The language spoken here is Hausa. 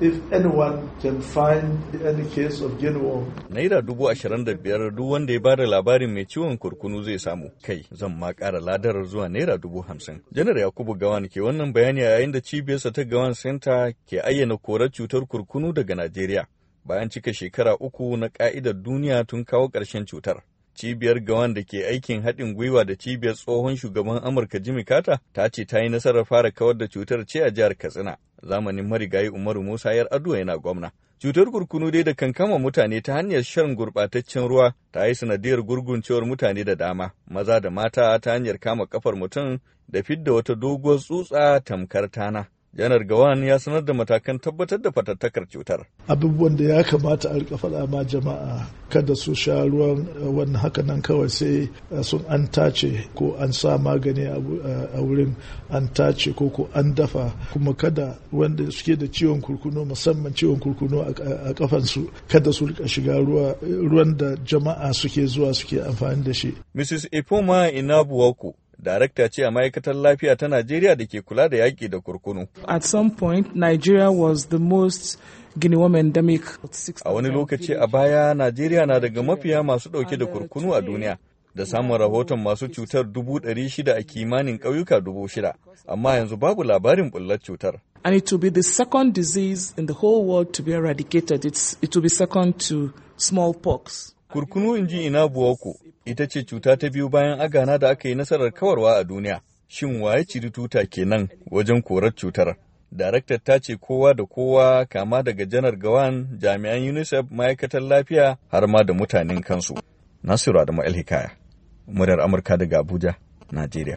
If anyone can find any case of genuine... Naira dubu ashirin da biyar duk wanda ya bada labarin mai ciwon kurkunu zai samu kai zan ma ƙara ladar zuwa naira dubu hamsin. Janar Yakubu Gawan ke wannan bayani a yayin da cibiyarsa ta Gawan Center ke ayyana korar cutar kurkunu daga Najeriya bayan cika shekara uku na ƙa'idar duniya tun kawo ƙarshen cutar. Cibiyar Gawan da ke aikin haɗin gwiwa da cibiyar tsohon shugaban Amurka Jimmy Carter ta ce ta yi nasarar fara kawar da cutar ce a jihar Katsina. Zamanin marigayi Umaru Musa yar Ado' yana gwamna. Cutar kurkunu dai da kan mutane ta hanyar shan gurɓataccen ruwa ta yi sanadiyar gurguncewar mutane da dama, maza da mata ta hanyar kama kafar mutum da fidda wata doguwar tsutsa tamkar tana. Janar Gawan ya sanar da matakan tabbatar da fatattakar cutar. Abubuwan da ya kamata a rika faɗa ma jama'a kada su sha ruwan eh, wannan haka nan kawai sai eh, sun an tace ko an sa magani eh, a wurin an tace ko ko an dafa kuma kada wanda suke da ciwon kurkuno musamman ciwon kurkuno a kafansu kada su rika shiga ruwan da jama'a suke zuwa suke amfani da shi. Mrs. Ipoma Inabuwaku darakta ce a ma'aikatar lafiya ta Najeriya da ke kula da yaƙi da kurkunu. At some point, Nigeria was the most endemic. A wani lokaci a baya, Najeriya na daga mafiya masu ɗauke da kurkunu a duniya. Da samun rahoton masu cutar dubu ɗari shida a kimanin ƙauyuka dubu shida, amma yanzu babu labarin bullar cutar. And it will be the second disease in the whole world to be eradicated. It's, it will be second to smallpox. Kurkunu in ji ina buwako ita ce cuta ta biyu bayan agana da aka yi nasarar kawarwa a duniya. Shin waye ciri tuta kenan wajen korar cutar? Daraktar ta ce kowa da kowa kama daga janar gawan jami'an UNICEF ma'aikatan lafiya har ma da mutanen kansu. Nasiru Adamu El Hikaya, muryar Amurka daga Abuja, Najeriya.